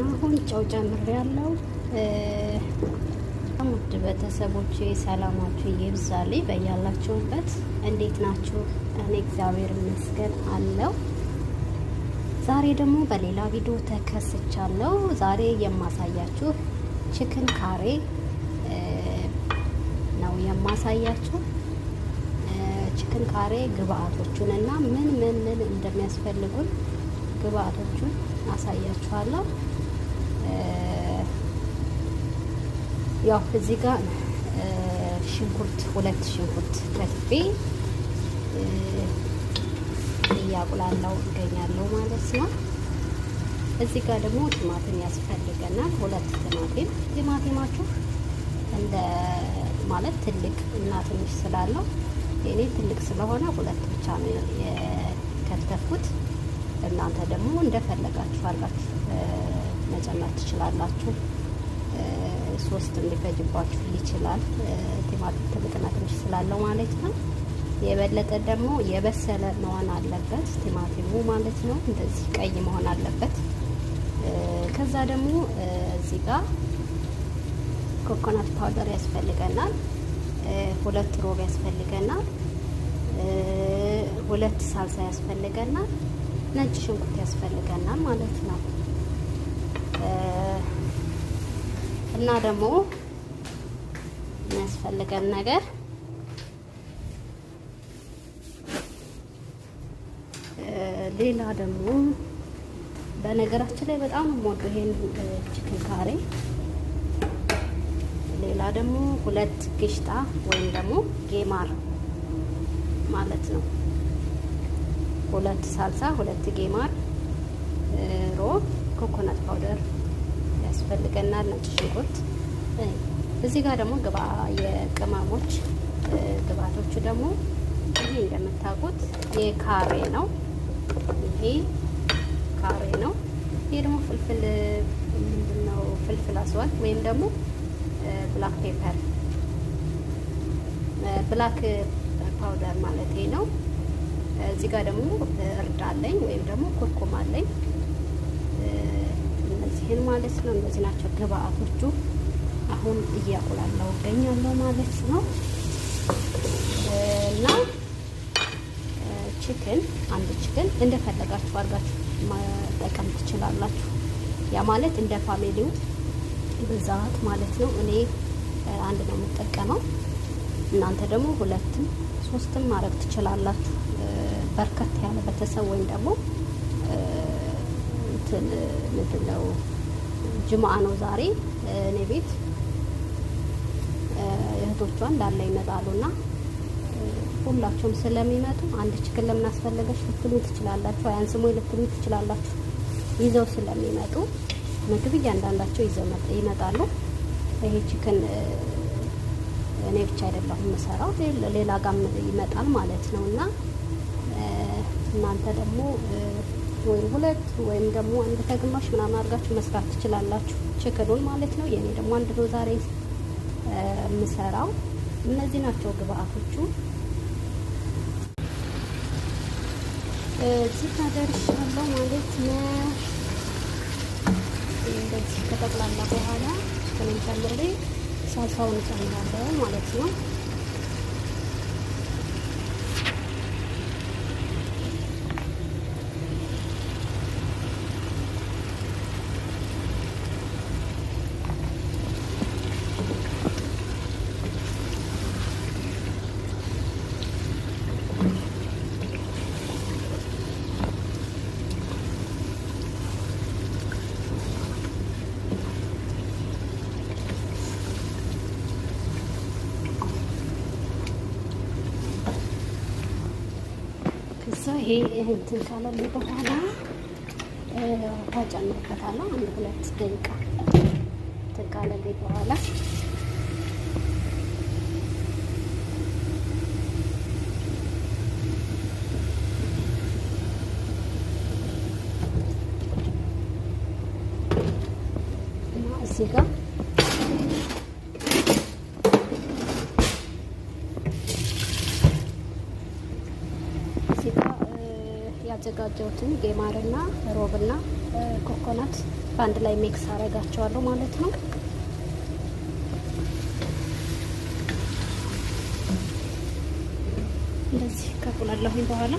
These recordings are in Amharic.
አሁን ጨው ጨምሬያለሁ። ውድ ቤተሰቦቼ ሰላማችሁ ይብዛልኝ በያላችሁበት። እንዴት ናችሁ? እኔ እግዚአብሔር ይመስገን አለው። ዛሬ ደግሞ በሌላ ቪዲዮ ተከስቻለሁ። ዛሬ የማሳያችሁ ችክን ካሬ ነው የማሳያችሁ። ችክን ካሬ ግብአቶቹን እና ምን ምን ምን እንደሚያስፈልጉን ግብአቶቹን አሳያችኋለሁ። ያው እዚህ ጋር ሽንኩርት ሁለት ሽንኩርት ከትፌ እያቁላለው እገኛለሁ ማለት ነው። እዚህ ጋር ደግሞ ቲማቲም ያስፈልገናል። ሁለት ቲማቲም ቲማቲማችሁ እንደ ማለት ትልቅ እና ትንሽ ስላለው እኔ ትልቅ ስለሆነ ሁለት ብቻ ነው የከተፍኩት። እናንተ ደግሞ እንደፈለጋችሁ አድርጋችሁ መጨመር ትችላላችሁ። ሶስት እንዲፈጅባችሁ ይችላል። ቲማቲም ትልቅና ትንሽ ስላለው ማለት ነው። የበለጠ ደግሞ የበሰለ መሆን አለበት ቲማቲሙ ማለት ነው። እንደዚህ ቀይ መሆን አለበት። ከዛ ደግሞ እዚህ ጋር ኮኮናት ፓውደር ያስፈልገናል። ሁለት ሮብ ያስፈልገናል። ሁለት ሳልሳ ያስፈልገናል። ነጭ ሽንኩርት ያስፈልገናል ማለት ነው። እና ደግሞ የሚያስፈልገን ነገር ሌላ ደግሞ በነገራችን ላይ በጣም ሞዶ ይሄን ቺክን ካሬ። ሌላ ደግሞ ሁለት ግሽጣ ወይም ደግሞ ጌማር ማለት ነው። ሁለት ሳልሳ፣ ሁለት ጌማር ሮብ ኮኮናት ፓውደር ያስፈልገናል። ነጭ ሽንኩርት እዚህ ጋር ደግሞ ግባ የቅመሞች ግብአቶቹ ደግሞ ይሄ እንደምታውቁት የካሬ ነው። ይሄ ካሬ ነው። ይሄ ደግሞ ፍልፍል ምንድን ነው? ፍልፍል አስዋል ወይም ደግሞ ብላክ ፔፐር ብላክ ፓውደር ማለት ነው። እዚህ ጋር ደግሞ እርድ አለኝ ወይም ደግሞ ኩርኩም አለኝ። እነዚህን ማለት ነው። እነዚህ ናቸው ግብአቶቹ። አሁን እያቁላለው እገኛለሁ ማለት ነው እና ችክን አንድ ችክን እንደፈለጋችሁ አድርጋችሁ መጠቀም ትችላላችሁ። ያ ማለት እንደ ፋሚሊው ብዛት ማለት ነው። እኔ አንድ ነው የምጠቀመው፣ እናንተ ደግሞ ሁለትም ሶስትም ማድረግ ትችላላችሁ። በርከት ያለ ቤተሰብ ወይም ደግሞ እንትን ምንድን ነው ጅማአ ነው ዛሬ እኔ ቤት እህቶቿ እንዳለ እና ሁላችሁም ስለሚመጡ አንድ ችክን ለምን አስፈለገች ልትሉ ትችላላችሁ። አያንስሞ ልትሉ ትችላላችሁ። ይዘው ስለሚመጡ ምግብ እያንዳንዳቸው ይዘው ይመጣሉ። ይሄ ችክን እኔ ብቻ አይደለሁም የምሰራው፣ ሌላ ጋም ይመጣል ማለት ነው እና እናንተ ደግሞ ወይም ሁለት ወይም ደግሞ አንድ ተግማሽ ምናምን አድርጋችሁ መስራት ትችላላችሁ። ችክኑን ማለት ነው። የኔ ደግሞ አንድ ነው ዛሬ የምሰራው። እነዚህ ናቸው ግብአቶቹ። እዚህ ተደርሻለሁ ማለት ነው። እንደዚህ ከጠቅላላ በኋላ ችክኑን ጨምሬ ሳልሳውን ጨምራለሁ ማለት ነው። ይሄ እንትን ካለል በኋላ ውሃ ጨምርበታለሁ። አንድ ሁለት ደቂቃ እንትን ካለል በኋላ ያዘጋጀሁትን ጌማርና ሮብና ኮኮናት በአንድ ላይ ሜክስ አደርጋቸዋለሁ ማለት ነው። እንደዚህ ከቁላለሁኝ በኋላ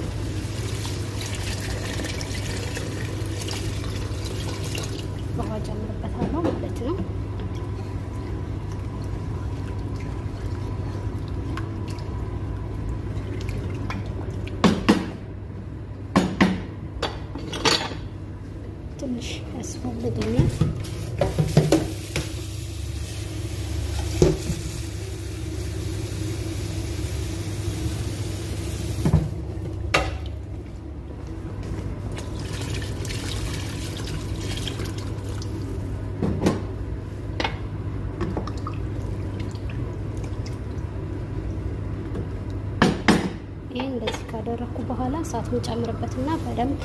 በኋላ እሳቱን ጨምርበትና በደንብ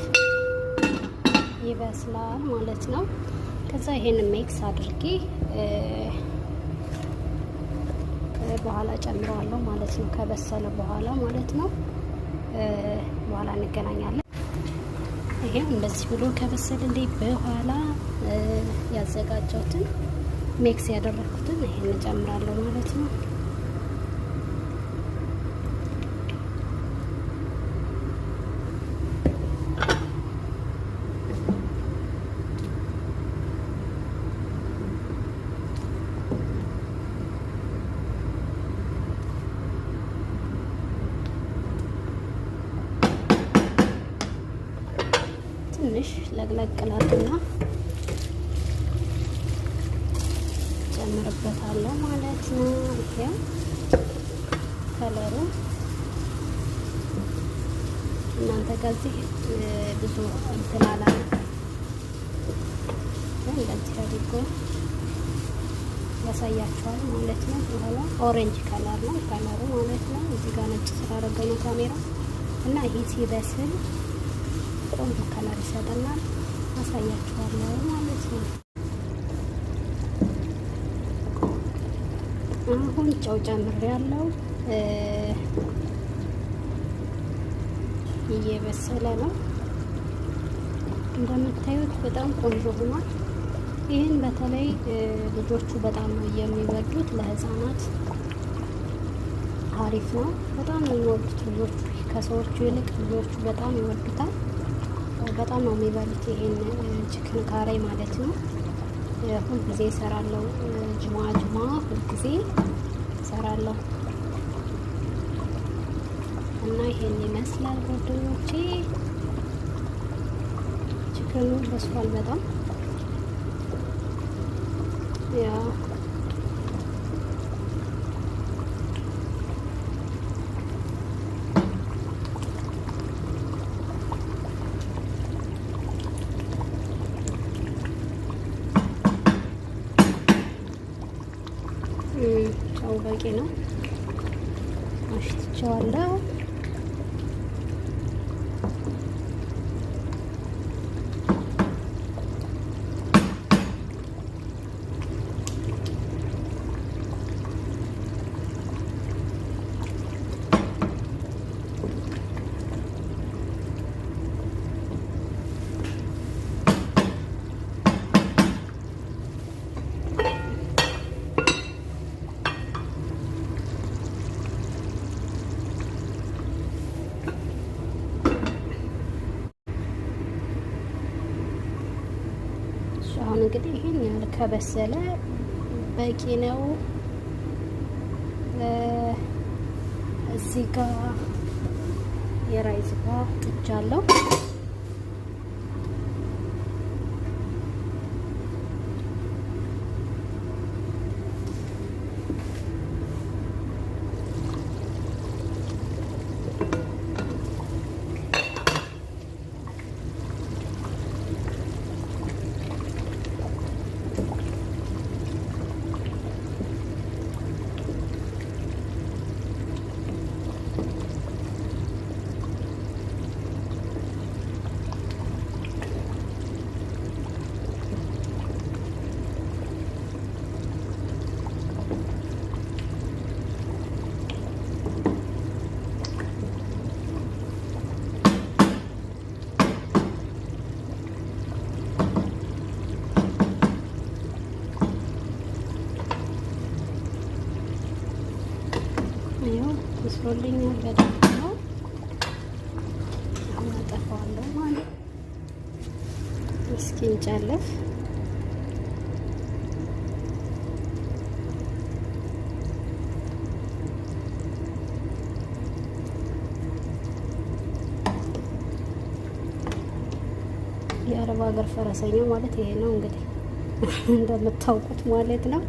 ይበስላል ማለት ነው። ከዛ ይሄንን ሜክስ አድርጌ በኋላ ጨምረዋለሁ ማለት ነው። ከበሰለ በኋላ ማለት ነው። በኋላ እንገናኛለን። ይሄ እንደዚህ ብሎ ከበሰለ እንዴ በኋላ ያዘጋጀሁትን ሜክስ ያደረኩትን ይሄን እጨምራለሁ ማለት ነው። ትንሽ ለቅለቅ ላትና ጨምርበታለሁ ማለት ነው። ይሄው ከለሩ እናንተ ከዚህ ብዙ እንትላላ እንደዚህ አድርጎ ያሳያቸዋል ማለት ነው። በኋላ ኦሬንጅ ከለር ነው ከለሩ ማለት ነው። እዚህ ጋር ነጭ ስራ አደረገ ነው ካሜራ እና ይሄ ሲበስል ቆንጆ ከለር ይሰጠናል። አሳያችኋለሁ ማለት ነው። አሁን ጨው ጨምሬያለሁ። እየበሰለ ነው እንደምታዩት፣ በጣም ቆንጆ ሆኗል። ይህን በተለይ ልጆቹ በጣም ነው የሚወዱት። ለህፃናት አሪፍ ነው። በጣም የሚወዱት ልጆቹ ከሰዎቹ ይልቅ ልጆቹ በጣም ይወዱታል። በጣም ነው የሚበሉት። ይሄን ችክን ካሬ ማለት ነው። ጊዜ እሰራለሁ። ጅማ ጅማ ጊዜ እሰራለሁ እና ይሄን ይመስላል ጓደኞቼ። ችክኑ በስሏል በጣም ያው በቂ ነው። አሽትቸዋለሁ። አሁን እንግዲህ ይህን ያህል ከበሰለ በቂ ነው። እዚህ ጋር የራይዝ ጋር ጥጃ አለው። ይኸው ምስሎልኛል ነው። አሁን አጠፋዋለሁ ማለት እስኪ እንጨልፍ የአረብ ሀገር ፈረሰኛ ማለት ይሄ ነው እንግዲህ እንደምታውቁት ማለት ነው።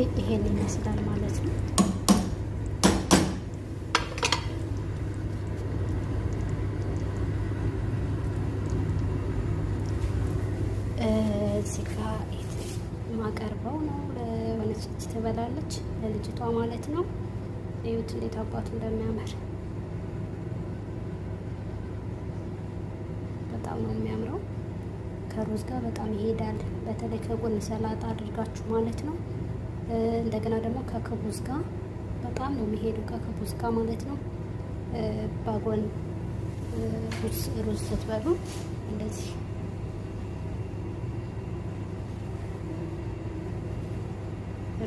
እንግዲህ ይሄን ይመስላል ማለት ነው። እዚህ ጋ ማቀርበው ነው ለሆነች ልጅ ትበላለች፣ ለልጅቷ ማለት ነው። እዩት እንዴት አባቱ እንደሚያምር በጣም ነው የሚያምረው። ከሩዝ ጋር በጣም ይሄዳል። በተለይ ከጎን ሰላጣ አድርጋችሁ ማለት ነው። እንደገና ደግሞ ከክቡዝ ጋር በጣም ነው የሚሄዱ ከክቡዝ ጋር ማለት ነው። ባጎን ሩዝ ስትበሉ እንደዚህ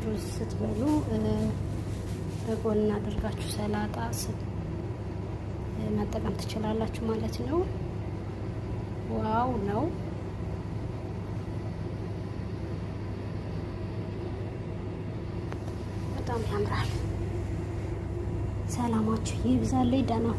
ሩዝ ስትበሉ በጎን አድርጋችሁ ሰላጣ መጠቀም ትችላላችሁ ማለት ነው። ዋው ነው። በጣም ያምራል። ሰላማችሁ ይብዛልኝ። ደህና ሁኑ።